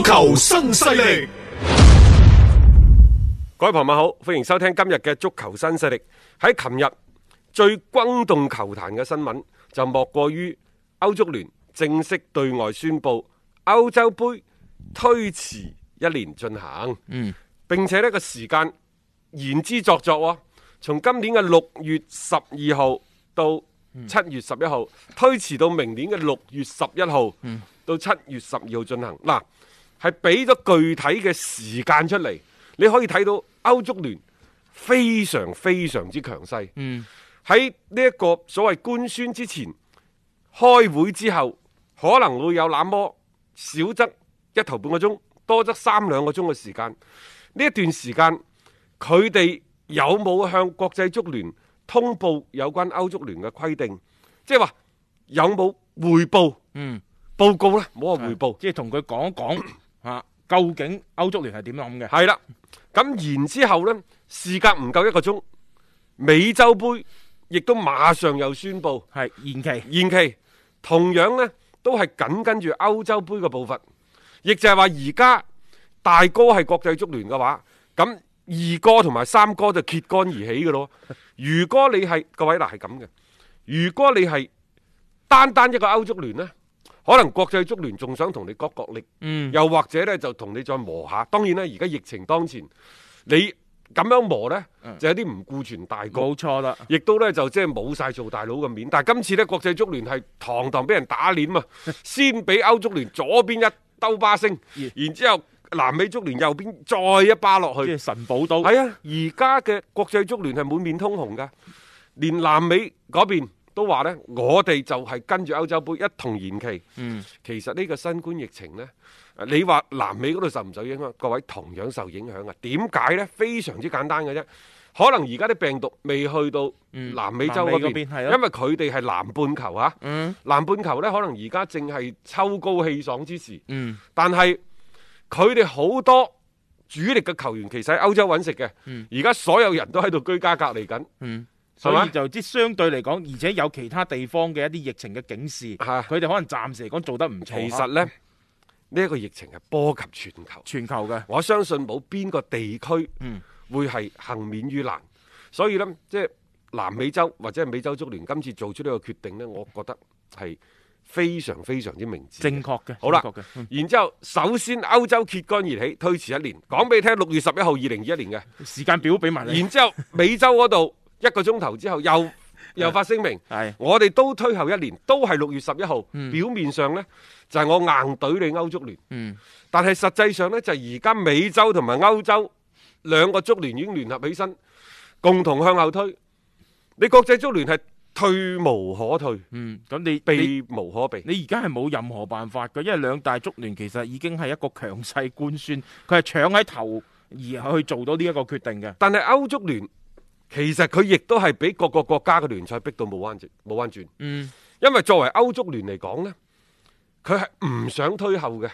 足球新勢力，各位朋友好，歡迎收聽今日嘅足球新勢力。喺琴日最轟動球壇嘅新聞，就莫過於歐足聯正式對外宣布歐洲盃推遲一年進行。嗯，並且呢、這個時間言之鑿鑿、喎，從今年嘅六月十二號到七月十一號，嗯、推遲到明年嘅六月十一號，到七月十二號進行嗱。嗯嗯係俾咗具體嘅時間出嚟，你可以睇到歐足聯非常非常之強勢。嗯，喺呢一個所謂官宣之前，開會之後可能會有那麼少則一頭半個鐘，多則三兩個鐘嘅時，時間。呢一段時間，佢哋有冇向國際足聯通報有關歐足聯嘅規定？即係話有冇匯報？嗯，報告呢冇話匯報，嗯、即係同佢講一講。 究竟歐足聯係點諗嘅？係啦，咁然之後呢，事隔唔夠一個鐘，美洲杯亦都馬上又宣佈係延期，延期同樣呢，都係緊跟住歐洲杯嘅步伐，亦就係話而家大哥係國際足聯嘅話，咁二哥同埋三哥就揭竿而起嘅咯。如果你係 各位嗱係咁嘅，如果你係單單一個歐足聯呢。可能國際足聯仲想同你角力，嗯、又或者呢就同你再磨下。當然啦，而家疫情當前，你咁樣磨呢，嗯、就有啲唔顧全大局。冇、嗯、錯啦，亦都呢就即係冇晒做大佬嘅面。但係今次呢，國際足聯係堂堂俾人打臉啊， 先俾歐足聯左邊一兜巴星，嗯、然之後南美足聯右邊再一巴落去。即係神寶島。係啊，而家嘅國際足聯係滿面通紅㗎，連南美嗰邊，嗰邊。都話呢，我哋就係跟住歐洲杯一同延期。嗯、其實呢個新冠疫情呢，你話南美嗰度受唔受影響？各位同樣受影響啊？點解呢？非常之簡單嘅啫，可能而家啲病毒未去到南美洲嗰邊，嗯、邊因為佢哋係南半球啊。嗯、南半球呢，可能而家正係秋高氣爽之時。嗯、但係佢哋好多主力嘅球員其實喺歐洲揾食嘅，而家、嗯、所有人都喺度居家隔離緊。嗯所以就即相對嚟講，而且有其他地方嘅一啲疫情嘅警示，佢哋、啊、可能暫時嚟講做得唔錯。其實呢，呢、這、一個疫情係波及全球，全球嘅。我相信冇邊個地區嗯會係幸免於難。嗯、所以呢，即、就、係、是、南美洲或者係美洲足聯今次做出呢個決定呢，我覺得係非常非常之明智、正確嘅。好啦吧，嗯、然之後首先歐洲揭竿而起，推遲一年，講俾你聽六月十一號二零二一年嘅時間表俾埋你。然之後美洲嗰度。一個鐘頭之後又又發聲明，係我哋都推後一年，都係六月十一號。表面上呢就係我硬懟你歐足聯，但係實際上呢就係而家美洲同埋歐洲兩個足聯已經聯合起身，共同向後推。你國際足聯係退無可退，嗯，咁你避無可避，你而家係冇任何辦法嘅，因為兩大足聯其實已經係一個強勢官宣，佢係搶喺頭而去做到呢一個決定嘅。但係歐足聯。其實佢亦都係俾各個國家嘅聯賽逼到冇彎折、冇彎轉。嗯，因為作為歐足聯嚟講呢，佢係唔想推後嘅。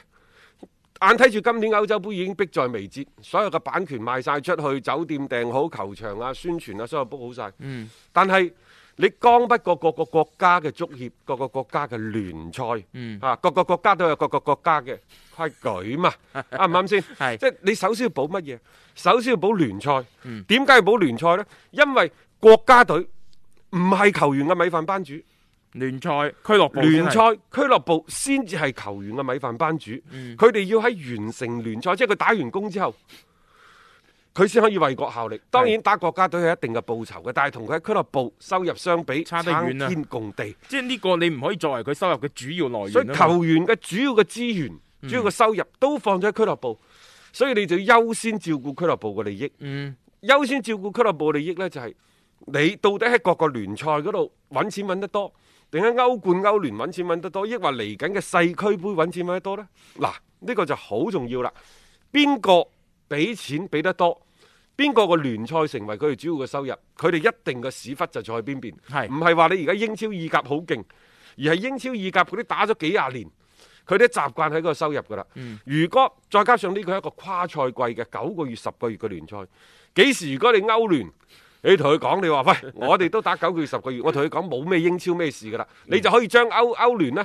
眼睇住今年歐洲盃已經迫在眉睫，所有嘅版權賣晒出去，酒店訂好，球場啊、宣傳啊，所有 book 好晒。嗯，但係。你江不過各個國家嘅足協，各個國家嘅聯賽，吓各個國家都有各個國家嘅規矩嘛？啱唔啱先？係即係你首先要補乜嘢？首先要補聯賽。點解要補聯賽呢？因為國家隊唔係球員嘅米飯班主，聯賽俱樂部聯賽俱樂部先至係球員嘅米飯班主。佢哋要喺完成聯賽，即係佢打完工之後。佢先可以為國效力。當然打國家隊係一定嘅報酬嘅，但係同佢喺俱樂部收入相比，差得遠，差天共地，即係呢個你唔可以作為佢收入嘅主要來源。所以球員嘅主要嘅資源、嗯、主要嘅收入都放咗喺俱樂部，所以你就要優先照顧俱樂部嘅利益。嗯，優先照顧俱樂部利益呢，就係、是、你到底喺各個聯賽嗰度揾錢揾得多，定喺歐冠、歐聯揾錢揾得多，抑或嚟緊嘅世俱杯揾錢揾得多呢？嗱，呢、呢個就好重要啦。邊個俾錢俾得多？邊個個聯賽成為佢哋主要嘅收入？佢哋一定嘅屎忽就坐喺邊邊。唔係話你而家英超意甲好勁？而係英超意甲嗰啲打咗幾廿年，佢哋習慣喺嗰個收入噶啦。嗯、如果再加上呢個一個跨賽季嘅九個月、十個月嘅聯賽，幾時如果你歐聯，你同佢講，你話喂，我哋都打九個月、十個月，我同佢講冇咩英超咩事噶啦，你就可以將歐歐聯呢。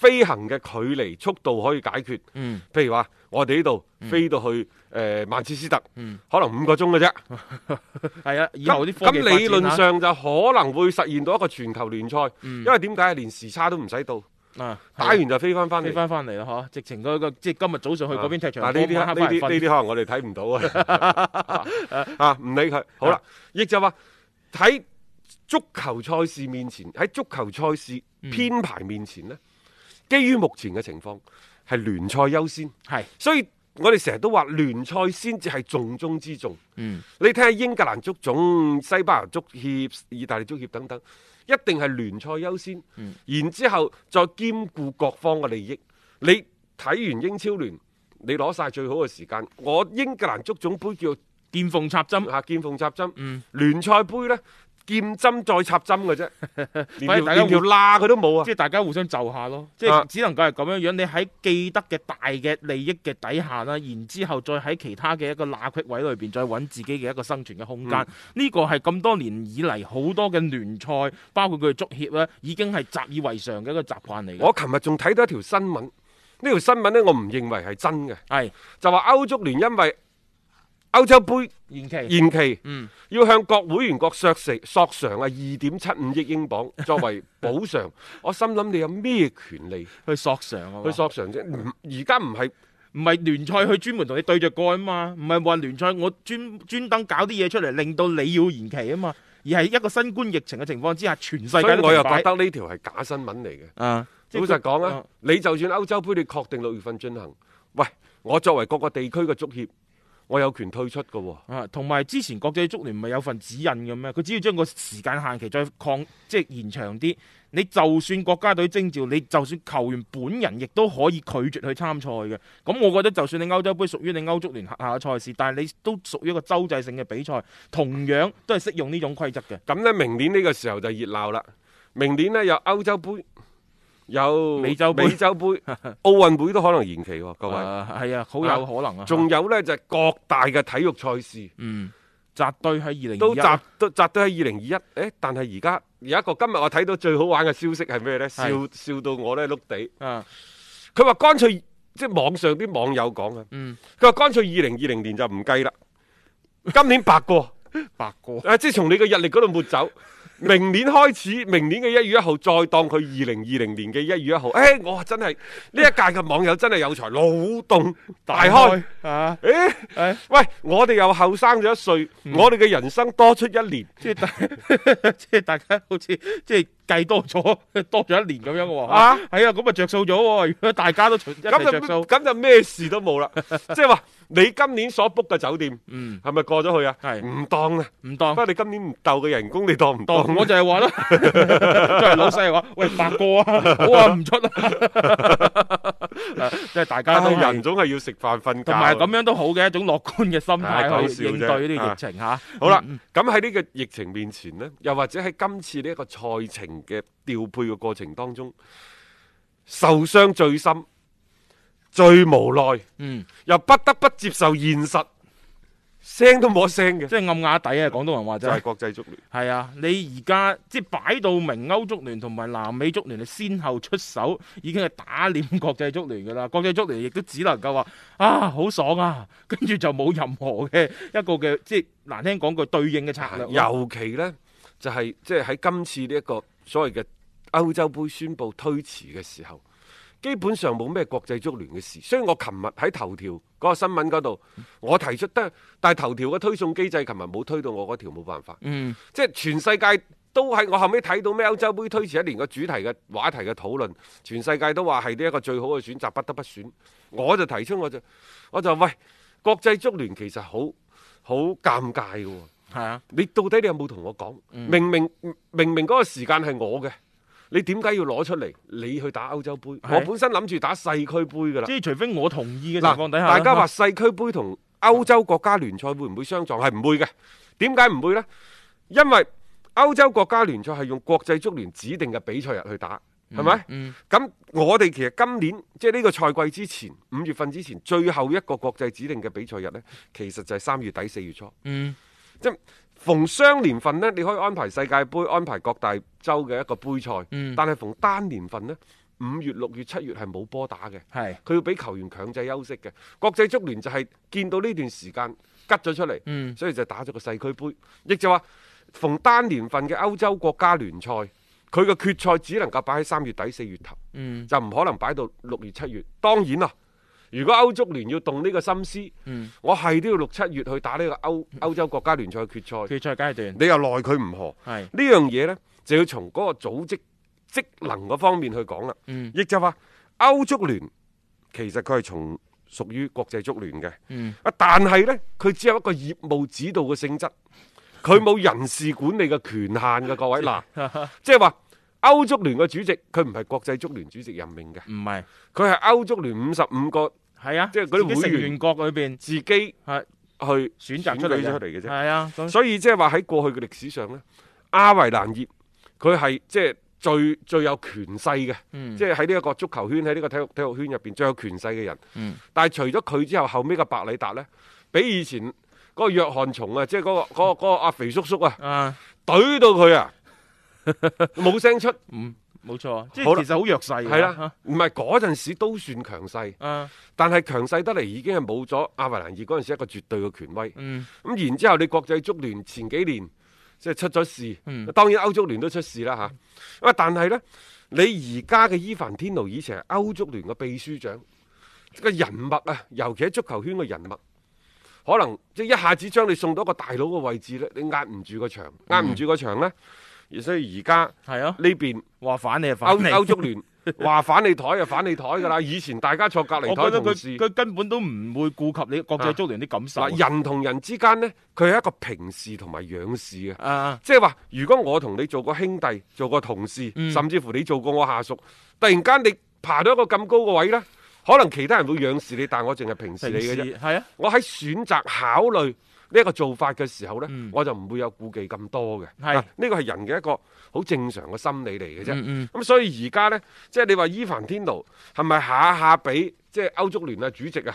飛行嘅距離、速度可以解決。嗯，譬如話，我哋呢度飛到去誒曼徹斯特，可能五個鐘嘅啫。係啊，以後啲科技發展緊。咁理論上就可能會實現到一個全球聯賽，因為點解啊？連時差都唔使到，打完就飛翻翻，飛翻翻嚟啦呵！直情個即係今日早上去嗰邊踢場，嗱呢啲呢啲呢啲，可能我哋睇唔到啊！啊，唔理佢。好啦，益就話，喺足球賽事面前，喺足球賽事編排面前咧。基於目前嘅情況，係聯賽優先，係，所以我哋成日都話聯賽先至係重中之重。嗯，你睇下英格蘭足總、西班牙足協、意大利足協等等，一定係聯賽優先。嗯，然之後再兼顧各方嘅利益。你睇完英超聯，你攞晒最好嘅時間。我英格蘭足總杯叫做見縫插針嚇，見縫插針。嗯，聯賽杯呢？劍針再插針嘅啫，連條拉佢都冇啊！即係大家互相就下咯，即係只能夠係咁樣樣。你喺既得嘅大嘅利益嘅底下啦，然之後再喺其他嘅一個罅隙位裏邊，再揾自己嘅一個生存嘅空間。呢、嗯、個係咁多年以嚟好多嘅聯賽，包括佢嘅足協咧，已經係習以為常嘅一個習慣嚟。我琴日仲睇到一條新聞，呢條新聞呢，我唔認為係真嘅，係是就話歐足聯因為，歐洲盃延期，延期，嗯，要向各會員國索償，索償啊，二點七五億英鎊作為補償。 我心諗，你有咩權利去索償啊？去索償啫，而家唔係唔係聯賽去專門同你對着幹啊嘛？唔係話聯賽，我專專登搞啲嘢出嚟令到你要延期啊嘛？而係一個新冠疫情嘅情況之下，全世界，我又覺得呢條係假新聞嚟嘅。啊，老實講啊，啊你就算歐洲盃你確定六月份進行，喂，我作為各個地區嘅足協。我有權退出嘅喎、哦。啊，同埋之前國際足聯唔係有份指引嘅咩？佢只要將個時間限期再擴，即係延長啲。你就算國家隊徵召，你就算球員本人亦都可以拒絕去參賽嘅。咁、嗯、我覺得，就算你歐洲杯屬於你歐足聯轄下嘅賽事，但係你都屬於一個洲際性嘅比賽，同樣都係適用呢種規則嘅。咁咧，明年呢個時候就熱鬧啦。明年呢，有歐洲杯。有美洲杯、美洲杯、奧運會都可能延期喎、啊，各位。係啊，好、啊、有可能啊。仲有呢，就係、是、各大嘅體育賽事，嗯，扎堆喺二零都集都扎堆喺二零二一。誒，但係而家有一個今日我睇到最好玩嘅消息係咩呢？是笑笑到我咧碌地。佢話、啊：乾脆即係網上啲網友講嘅，佢話、嗯、乾脆二零二零年就唔計啦。今年白過， 白過哥、啊。即係從你嘅日曆嗰度抹走。明年開始，明年嘅一月一號再當佢二零二零年嘅一月一號。誒、欸，我真係呢一屆嘅網友真係有才，腦洞大開。吓，誒，喂，我哋又後生咗一歲，嗯、我哋嘅人生多出一年，嗯、 即係大，即係大家好似即係。計多咗，多咗一年咁樣喎，啊，係啊，咁啊着數咗喎。如果大家都一齊着數，咁就咩事都冇啦。即係話你今年所 book 嘅酒店，嗯，係咪過咗去啊？係唔當啊？唔當。不過你今年唔鬥嘅人工，你當唔當？我就係話啦，即係老細話，喂，八哥啊，我話唔出啊。」即係大家都人總係要食飯瞓覺。同埋咁樣都好嘅一種樂觀嘅心態去應對呢啲疫情吓。好啦，咁喺呢個疫情面前呢，又或者喺今次呢一個賽程。嘅調配嘅過程當中，受傷最深、最無奈，嗯，又不得不接受現實，聲都冇得聲嘅，即係暗啞抵啊！廣東人話真係國際足聯，係啊！你而家即係擺到明，歐足聯同埋南美足聯係先後出手，已經係打臉國際足聯噶啦！國際足聯亦都只能夠話啊，好爽啊！跟住就冇任何嘅一個嘅，即係難聽講句對應嘅策略。尤其呢，就係即係喺今次呢一個，所謂嘅歐洲杯宣布推遲嘅時候，基本上冇咩國際足聯嘅事。所以我琴日喺頭條嗰個新聞嗰度，我提出得，但係頭條嘅推送機制，琴日冇推到我嗰條，冇辦法。嗯，即係全世界都喺我後尾睇到咩歐洲杯推遲一年嘅主題嘅話題嘅討論，全世界都話係呢一個最好嘅選擇，不得不選。我就提出我就我就喂國際足聯其實好好尷尬嘅哦。係啊！你到底你有冇同我講？明明明明嗰個時間係我嘅，你點解要攞出嚟？你去打歐洲杯，是我本身諗住打世俱杯噶啦。即係除非我同意嘅情況底下，大家話世俱杯同歐洲國家聯賽會唔會相撞？係唔會嘅。點解唔會呢？因為歐洲國家聯賽係用國際足聯指定嘅比賽日去打，係咪？咁我哋其實今年即係呢個賽季之前五月份之前最後一個國際指定嘅比賽日呢，其實就係三月底四月初。嗯即逢雙年份咧，你可以安排世界杯，安排各大洲嘅一個杯賽。嗯、但係逢單年份咧，五月、六月、七月係冇波打嘅。係佢是要俾球員強制休息嘅。國際足聯就係見到呢段時間吉咗出嚟，嗯、所以就打咗個世俱杯。亦就話逢單年份嘅歐洲國家聯賽，佢嘅決賽只能夠擺喺三月底四月頭，嗯、就唔可能擺到六月七月。當然啦。如果歐足聯要動呢個心思，嗯、我係都要六七月去打呢個歐歐洲國家聯賽決賽。決賽梗係斷，你又奈佢唔何。係呢是樣嘢，呢，就要從嗰個組織職能嗰方面去講啦。亦、嗯、就話，歐足聯其實佢係從屬於國際足聯嘅。啊、嗯，但係呢，佢只有一個業務指導嘅性質，佢冇人事管理嘅權限嘅。各位、嗯，嗱、呃，即係話。歐足聯嘅主席佢唔係國際足聯主席任命嘅，唔係，佢係歐足聯五十五個係啊，即係嗰啲會員國裏邊自己係去選擇出嚟嘅啫，係啊，所以即係話喺過去嘅歷史上咧，阿維蘭葉佢係即係最最有權勢嘅，嗯，即係喺呢一個足球圈，喺呢個體育體育圈入邊最有權勢嘅人，嗯，但係除咗佢之後，後尾個白里達咧，比以前嗰個約翰松啊，即係嗰個嗰個嗰個阿肥叔叔啊，啊懟到佢啊！冇 聲出，嗯，冇錯，即係好其實好弱勢，係啦的，唔係嗰陣時都算強勢，啊、但係強勢得嚟已經係冇咗阿維蘭爾嗰陣時一個絕對嘅權威，咁、嗯、然之後你國際足聯前幾年即係出咗事，嗯，當然歐足聯都出事啦吓，咁、啊、但係呢，你而家嘅伊凡天奴以前係歐足聯嘅秘書長，個、就是、人物啊，尤其喺足球圈嘅人物，可能即係一下子將你送到個大佬嘅位置咧，你壓唔住個場，壓唔住個場呢。所以而家呢邊話反你，反你歐，歐歐足聯話反你台就反你台噶啦。 以前大家坐隔籬台同事，佢根本都唔會顧及你國際足聯啲感受、啊。啊、人同人之間呢，佢係一個平視同埋仰視嘅，即係話如果我同你做過兄弟、做過同事，甚至乎你做過我下屬，突然間你爬到一個咁高個位呢。可能其他人會仰視你，但我淨係平視你嘅啫。係啊，我喺選擇考慮呢一個做法嘅時候咧，嗯、我就唔會有顧忌咁多嘅。係是，呢個係人嘅一個好正常嘅心理嚟嘅啫。咁、嗯嗯啊、所以而家咧，即、就、係、是、你話伊凡天奴係咪下下俾即係歐足聯嘅主席啊？誒、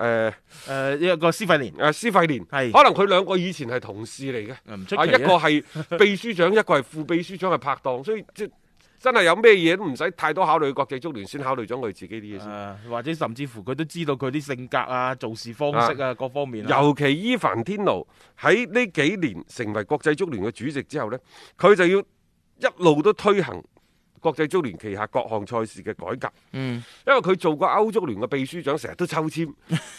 呃、誒、呃、一個施費廉誒施費廉，呃、是可能佢兩個以前係同事嚟嘅，嗯、啊一個係秘書長，一個係副秘書長嘅拍檔，所以即、就是真係有咩嘢都唔使太多考慮，國際足聯先考慮咗我哋自己啲嘢先，或者甚至乎佢都知道佢啲性格啊、做事方式啊各方面。尤其伊凡天奴喺呢幾年成為國際足聯嘅主席之後呢，佢就要一路都推行國際足聯旗下各項賽事嘅改革。嗯，因為佢做過歐足聯嘅秘書長，成日都抽簽，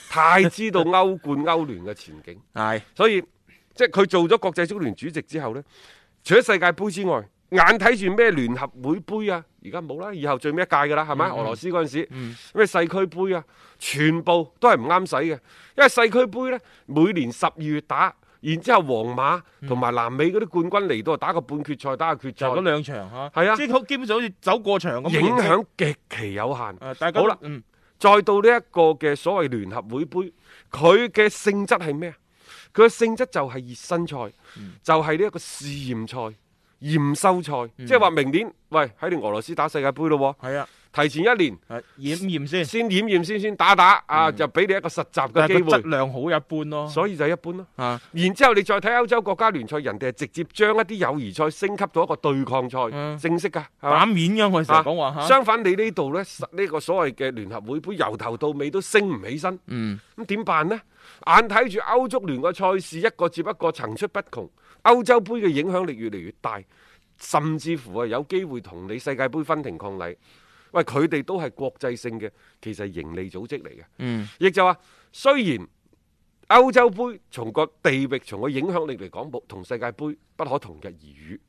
太知道歐冠、歐聯嘅前景。係，所以即係佢做咗國際足聯主席之後呢，除咗世界盃之外。眼睇住咩聯合會盃啊，而家冇啦，以後最尾一屆噶啦，係咪？俄羅斯嗰陣時咩世俱盃啊，全部都係唔啱使嘅，因為世俱盃咧，每年十二月打，然之後皇馬同埋南美嗰啲冠軍嚟到打個半決賽，打個決賽，就嗰兩場嗬，係啊，即係好基本上好似走過場咁，影響極其有限。好啦，嗯，再到呢一個嘅所謂聯合會盃，佢嘅性質係咩啊？佢嘅性質就係熱身賽，就係呢一個試驗賽。驗收賽，嗯，即係話明年，喂喺俄羅斯打世界杯咯，係啊。提前一年染驗先，先染驗先先打打啊！就俾你一個實習嘅機會，質量好一般咯，所以就一般咯。啊，然之後你再睇歐洲國家聯賽，人哋係直接將一啲友誼賽升級到一個對抗賽，正式噶，係嘛？打面咁，我成日講相反，你呢度咧呢個所謂嘅聯合會杯，由頭到尾都升唔起身。嗯，咁點辦咧？眼睇住歐足聯嘅賽事一個接一個層出不窮，歐洲杯嘅影響力越嚟越大，甚至乎啊有機會同你世界杯分庭抗禮。喂，佢哋都係國際性嘅，其實盈利組織嚟嘅。嗯，亦就話，雖然歐洲杯從個地域、從個影響力嚟講，同世界盃不可同日而語。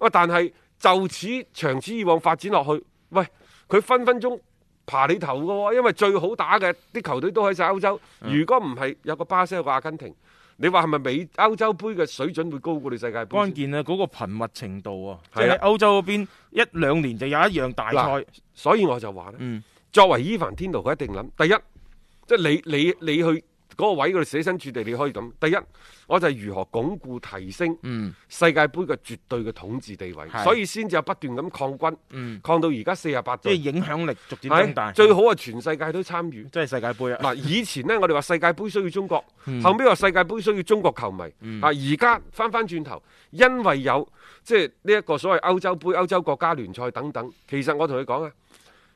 喂，但係就此長此以往發展落去，喂，佢分分鐘爬你頭㗎喎，因為最好打嘅啲球隊都喺晒歐洲。嗯，如果唔係有個巴西、有個阿根廷。你話係咪美歐洲杯嘅水準會高過你世界杯？關鍵咧、啊，嗰、那個頻密程度啊，即係歐洲嗰邊一兩年就有一樣大賽、啊，所以我就話咧，嗯、作為伊凡天奴，佢一定諗第一，即、就、係、是、你你你去。嗰個位嗰度設身處地，你可以咁。第一，我就係如何鞏固提升世界杯嘅絕對嘅統治地位，嗯、所以先至有不斷咁擴軍，嗯、擴到而家四十八。即係影響力逐漸增大，是是最好啊全世界都參與。即係世界杯啊！嗱，以前呢，我哋話世界杯需要中國，嗯、後尾話世界杯需要中國球迷啊！而家翻翻轉頭，因為有即係呢一個所謂歐洲杯、歐洲國家聯賽等等，其實我同你講啊，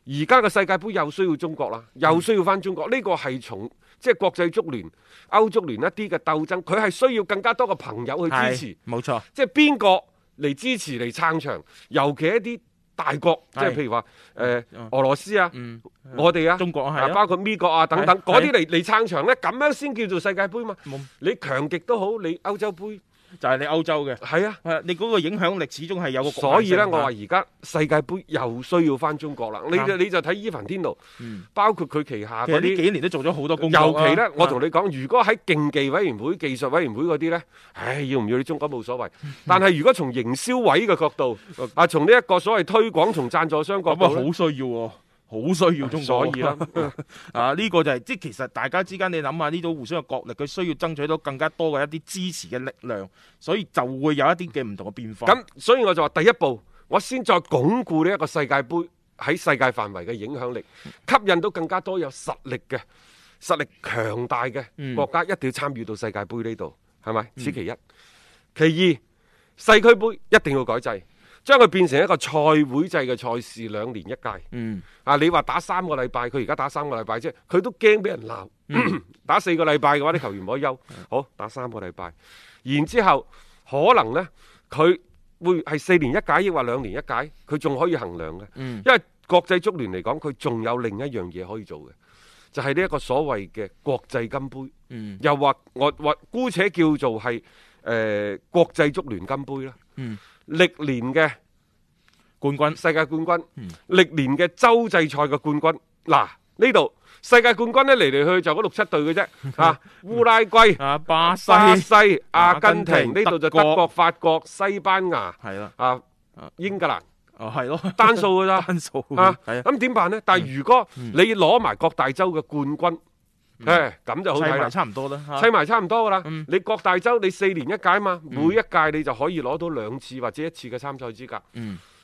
而家嘅世界杯又需要中國啦，又需要翻中國。呢個係從即係國際足聯、歐足聯一啲嘅鬥爭，佢係需要更加多嘅朋友去支持，冇錯。即係邊個嚟支持嚟撐場？尤其一啲大國，是即係譬如話誒、呃嗯嗯、俄羅斯啊、嗯、我哋啊、中國啊包括美國啊等等嗰啲嚟嚟撐場呢，咁樣先叫做世界盃嘛。沒你強極都好，你歐洲杯。就係你歐洲嘅，係啊，嗯、你嗰個影響力始終係有個國，所以呢，我話而家世界盃又需要翻中國啦、嗯。你你就睇伊凡天奴，包括佢旗下嗰啲，其實幾年都做咗好多工作、啊。尤其呢，我同你講，如果喺競技委員會、技術委員會嗰啲呢，唉，要唔要你中國冇所謂。但係如果從營銷位嘅角度， 啊，從呢一個所謂推廣、從贊助商角度，咁好 需要、啊。好需要中國，所以啦， 啊呢、這個就係即係其實大家之間你諗下呢種互相嘅角力，佢需要爭取到更加多嘅一啲支持嘅力量，所以就會有一啲嘅唔同嘅變化。咁、嗯、所以我就話第一步，我先再鞏固呢一個世界盃喺世界範圍嘅影響力，吸引到更加多有實力嘅、實力強大嘅國家一定要參與到世界盃呢度，係咪？此其一。嗯、其二，世俱盃一定要改制。將佢變成一個賽會制嘅賽事，兩年一屆。嗯，啊，你話打三個禮拜，佢而家打三個禮拜啫，佢都驚俾人鬧。打四個禮拜嘅話，啲球員唔可以休。好，打三個禮拜，然之後可能呢，佢會係四年一屆，抑或兩年一屆，佢仲可以衡量咧。嗯，因為國際足聯嚟講，佢仲有另一樣嘢可以做嘅，就係呢一個所謂嘅國際金杯。嗯，又或我或姑且叫做係誒國際足聯金杯啦。嗯。歷年嘅冠軍，世界冠軍，歷年嘅洲際賽嘅冠軍。嗱，呢度世界冠軍咧，嚟嚟去去就嗰六七隊嘅啫。啊，烏拉圭、啊巴西、巴西、阿根廷，呢度就德國、法國、西班牙，係啦，啊英格蘭，啊係咯，單數嘅咋，單數啊。咁點辦咧？但係如果你攞埋各大洲嘅冠軍。誒，咁、嗯、就好砌埋，差唔多啦。砌埋、啊、差唔多噶啦。嗯、你各大洲你四年一屆嘛，每一屆你就可以攞到兩次或者一次嘅參賽資格，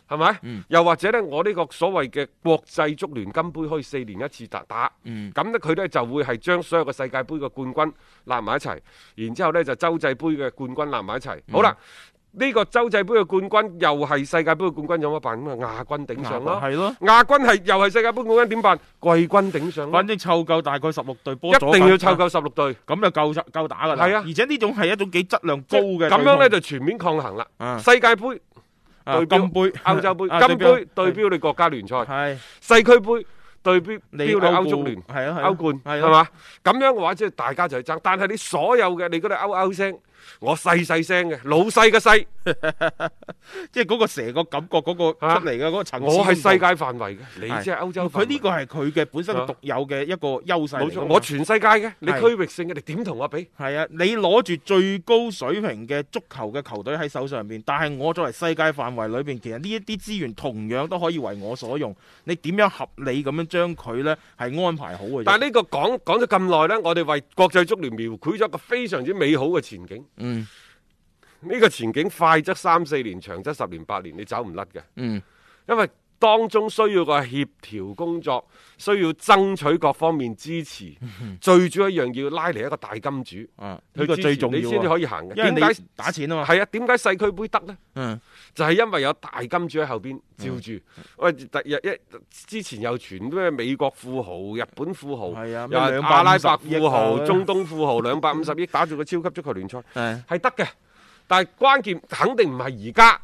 係咪？又或者呢，我呢個所謂嘅國際足聯金杯可以四年一次打打，咁呢，佢呢就會係將所有嘅世界杯嘅冠軍攬埋一齊，然之後呢，就洲際杯嘅冠軍攬埋一齊。嗯、好啦。嗯呢個洲際杯嘅冠軍又係世界杯嘅冠軍，有乜辦？咁啊，亞軍頂上咯，係咯，亞軍係又係世界杯冠軍，點辦？季軍頂上咯，反正湊夠大概十六隊波，一定要湊夠十六隊，咁就夠夠打噶啦。係啊，而且呢種係一種幾質量高嘅，咁樣咧就全面抗衡啦。世界杯對金杯，歐洲杯、金杯對標你國家聯賽，係世俱杯對標你歐足聯，係啊，歐冠係咪？咁樣嘅話，即係大家就係爭。但係你所有嘅，你嗰啲歐歐聲。我細細聲嘅，老細嘅細， 即係嗰個蛇個感覺嗰、嗰個出嚟嘅嗰個層次。我係世界範圍嘅，你即係歐洲。佢呢個係佢嘅本身獨有嘅一個優勢。冇錯、啊，我全世界嘅，你區域性嘅，是你點同我比？係啊，你攞住最高水平嘅足球嘅球隊喺手上邊，但係我作為世界範圍裏邊，其實呢一啲資源同樣都可以為我所用。你點樣合理咁樣將佢呢？係安排好嘅？但係呢個講講咗咁耐呢，我哋為國際足聯描繪咗一個非常之美好嘅前景。嗯，呢個前景快則三四年，長則十年八年，你走唔甩㗎。嗯，因為。當中需要個協調工作，需要爭取各方面支持， 最主要一樣要拉嚟一個大金主。啊，呢、這個最重要，你先至可以行嘅。因為點解打錢啊嘛？係啊，點解世俱杯得呢？嗯，就係因為有大金主喺後邊照住。喂、嗯，第日一之前又傳咩美國富豪、日本富豪，係啊，又阿拉伯富豪、中東富豪，兩百五十億打造個超級足球聯賽，係係得嘅。但係關鍵肯定唔係而家。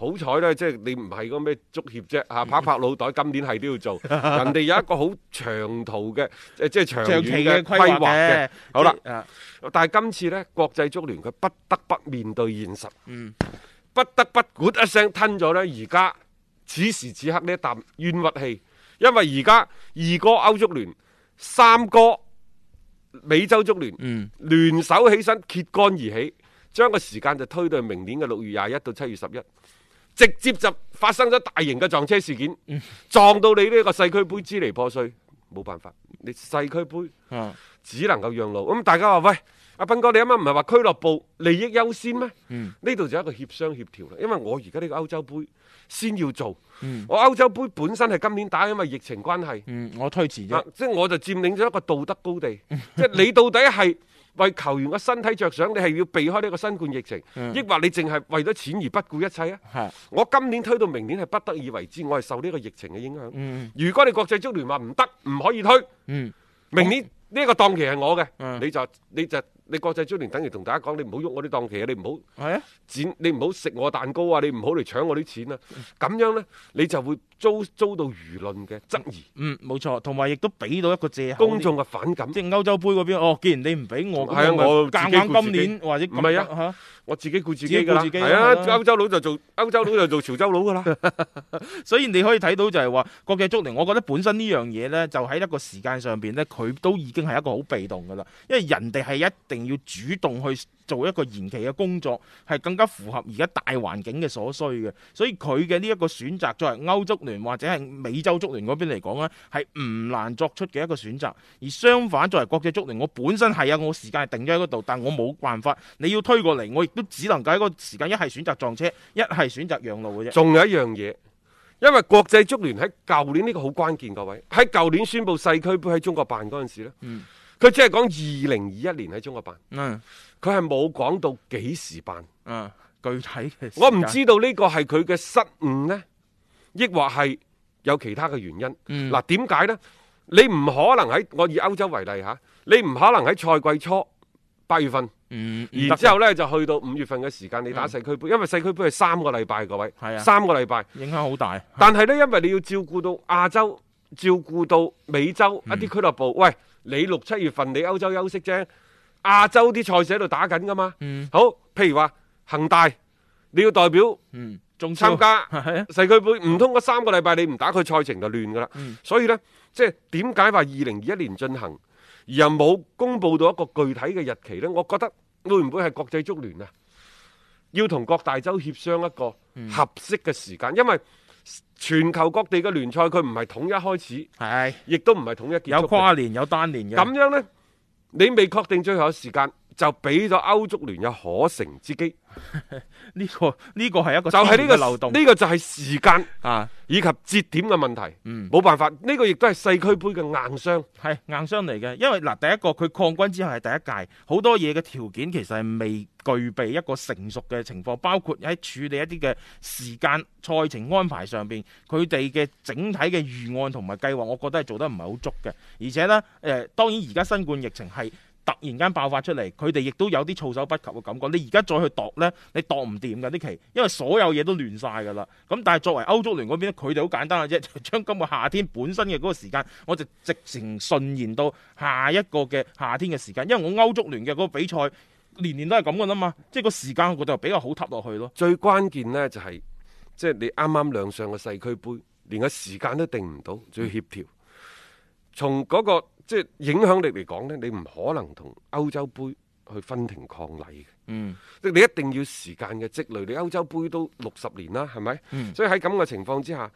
好彩呢，即係你唔係嗰咩足協啫嚇，拍拍腦袋，今年係都要做。人哋有一個好長途嘅，即係長遠嘅規劃嘅。好啦，但係今次呢，國際足聯佢不得不面對現實，不得不管。一聲吞咗呢，而家此時此刻呢一啖冤屈氣，因為而家二哥歐足聯、三哥美洲足聯嗯，聯手起身揭竿而起，將個時間就推到明年嘅六月廿一到七月十一。直接就發生咗大型嘅撞車事件，嗯、撞到你呢個世俱杯支離破碎，冇辦法。你世俱杯只能夠讓路。咁、嗯嗯、大家話喂，阿斌哥，你啱啱唔係話俱樂部利益優先咩？呢度、嗯、就一個協商協調啦。因為我而家呢個歐洲杯先要做，嗯、我歐洲杯本身係今年打，因為疫情關係，嗯、我推遲咗。即係、啊就是、我就佔領咗一個道德高地，即係你到底係。 為球員個身體着想，你係要避開呢個新冠疫情，抑或你淨係為咗錢而不顧一切啊？我今年推到明年係不得已為之，我係受呢個疫情嘅影響。如果你國際足聯話唔得，唔可以推，明年呢個檔期係我嘅，你就你就你國際足聯等於同大家講，你唔好喐我啲檔期啊，你唔好剪啊，你唔好食我蛋糕啊，你唔好嚟搶我啲錢啊，咁樣呢你就會。遭遭到輿論嘅質疑，嗯，冇錯，同埋亦都俾到一個借口，公眾嘅反感，即係歐洲杯嗰邊。哦，既然你唔俾我，係啊，我自己顧自己，硬硬或者唔係啊，啊我自己顧自己㗎啦。係啊，啊，啊，歐洲佬就做歐洲佬就做潮州佬㗎啦。 所以你可以睇到就係話國際足聯，我覺得本身呢樣嘢咧，就喺一個時間上邊咧，佢都已經係一個好被動㗎啦。因為人哋係一定要主動去。做一個延期嘅工作係更加符合而家大環境嘅所需嘅，所以佢嘅呢一個選擇，作為歐足聯或者係美洲足聯嗰邊嚟講呢，係唔難作出嘅一個選擇。而相反，作為國際足聯，我本身係有我時間係定咗喺嗰度，但我冇辦法，你要推過嚟，我亦都只能夠喺嗰個時間一係選擇撞車，一係選擇讓路嘅啫。仲有一樣嘢，因為國際足聯喺舊年呢、呢個好關鍵，各位，喺舊年宣布世俱杯喺中國辦嗰陣時呢，佢、嗯、只係講二零二一年喺中國辦，嗯。佢係冇講到幾時辦，嗯，具體嘅，我唔知道呢個係佢嘅失誤呢抑或係有其他嘅原因。嗱，點解呢？你唔可能喺我以歐洲為例吓，你唔可能喺賽季初八月份，然之後呢，就去到五月份嘅時間你打世俱盃，因為世俱盃係三個禮拜，各位，係啊，三個禮拜影響好大。但係呢，因為你要照顧到亞洲，照顧到美洲一啲俱樂部，喂，你六七月份你歐洲休息啫。亞洲啲賽事喺度打緊噶嘛？嗯，好，譬如話恒大你要代表嗯，參加，係啊，世俱杯唔通嗰三個禮拜你唔打，佢賽程就亂噶啦。嗯，所以咧，即係點解話二零二一年進行而又冇公布到一個具體嘅日期咧？我覺得會唔會係國際足聯啊，要同各大洲協商一個合適嘅時間，因為全球各地嘅聯賽佢唔係統一開始係，亦都唔係統一結束。有跨年有單年嘅，咁樣咧。你未確定最後嘅時間。就俾咗歐足聯有可乘之機，呢、 這個呢、這個係一個就係呢個漏洞，呢、這個這個就係時間啊以及節點嘅問題。嗯，冇辦法，呢、這個亦都係世俱杯嘅硬傷，係硬傷嚟嘅。因為嗱、呃，第一個佢擴軍之後係第一屆，好多嘢嘅條件其實係未具備一個成熟嘅情況，包括喺處理一啲嘅時間賽程安排上邊，佢哋嘅整體嘅預案同埋計劃，我覺得係做得唔係好足嘅。而且呢，誒、呃，當然而家新冠疫情係。突然間爆發出嚟，佢哋亦都有啲措手不及嘅感覺。你而家再去度呢，你度唔掂噶啲棋，因為所有嘢都亂晒噶啦。咁但係作為歐足聯嗰邊咧，佢哋好簡單嘅啫，將今個夏天本身嘅嗰個時間，我就直情順延到下一個嘅夏天嘅時間，因為我歐足聯嘅嗰個比賽年年都係咁噶啦嘛，即係個時間我覺得比較好插落去咯。最關鍵呢、就是，就係，即係你啱啱亮相嘅世俱杯，連個時間都定唔到，仲要協調，從嗰、嗰個。即係影響力嚟講呢，你唔可能同歐洲杯去分庭抗禮嘅。嗯，即你一定要時間嘅積累，你歐洲杯都六十年啦，係咪？嗯，所以喺咁嘅情況之下，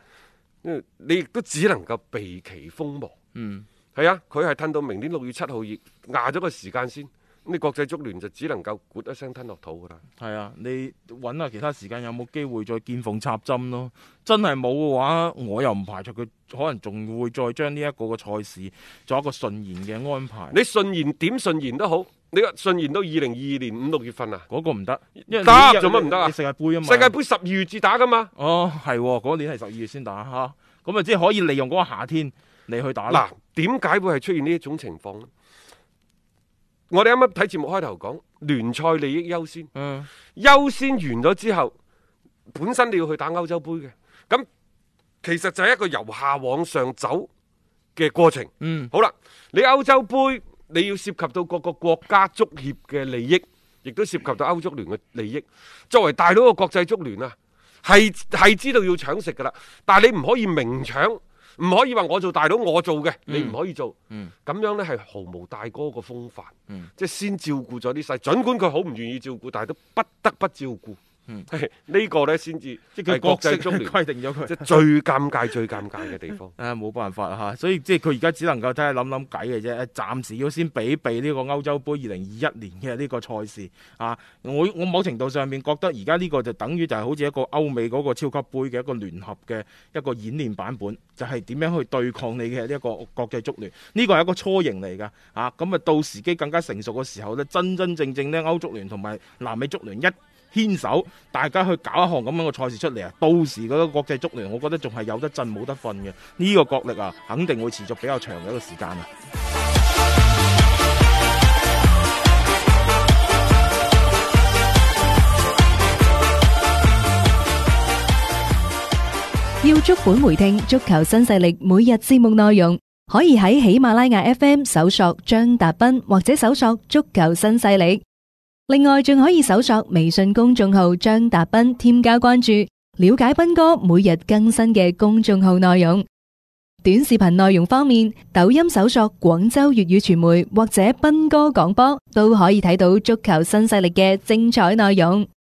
你亦都只能夠避其鋒芒。嗯，係啊，佢係褪到明年六月七號，亦壓咗個時間先。啲國際足聯就只能夠咕一聲吞落肚噶啦。係啊，你揾下其他時間有冇機會再見縫插針咯？真係冇嘅話，我又唔排除佢可能仲會再將呢一個個賽事做一個順延嘅安排。你順延點順延都好，你話順延到二零二二年五六月份啊？嗰個唔得，因為做乜唔得啊？世界盃啊嘛，世界盃十二月至打噶嘛。哦，係喎，嗰年係十二月先打嚇，咁啊即係可以利用嗰個夏天你去打。嗱，點解會係出現呢一種情況咧？我哋啱啱睇節目開頭講聯賽利益優先，嗯，優先完咗之後，本身你要去打歐洲盃嘅，咁其實就係一個由下往上走嘅過程。嗯，好啦，你歐洲盃你要涉及到各個國家足協嘅利益，亦都涉及到歐足聯嘅利益。作為大佬嘅國際足聯啊，係係知道要搶食噶啦，但係你唔可以明搶。唔可以話我做大佬，我做嘅，嗯、你唔可以做。咁、嗯、樣呢係毫無大哥個風範，嗯、即係先照顧咗啲細，儘管佢好唔願意照顧，但係都不得不照顧。嗯，係呢個咧，先至即係國際足聯規定咗佢， 即係最尷尬、最尷尬嘅地方、 哎。誒，冇辦法吓，所以即係佢而家只能夠睇下諗諗計嘅啫。暫時要先比備呢個歐洲杯二零二一年嘅呢個賽事啊。我我某程度上面覺得而家呢個就等於就係好似一個歐美嗰個超級杯嘅一個聯合嘅一個演練版本，就係點樣去對抗你嘅呢一個國際足聯呢、呢個係一個雛形嚟噶啊。咁、嗯、啊，到時機更加成熟嘅時候咧，真真正正咧，歐足聯同埋南美足聯一。牽手，大家去搞一項咁樣嘅賽事出嚟啊。到時嗰個國際足聯，我覺得仲係有得震冇得瞓，嘅呢個角力啊，肯定會持續比較長嘅一個時間啊。要足本回聽足球新勢力每日節目內容，可以喺喜馬拉雅 FM 搜索張達斌，或者搜索足球新勢力。另外，仲可以搜索微信公眾號張達斌，添加關注，了解斌哥每日更新嘅公眾號內容。短視頻內容方面，抖音搜索廣州粵語傳媒或者斌哥廣播，都可以睇到足球新勢力嘅精彩內容。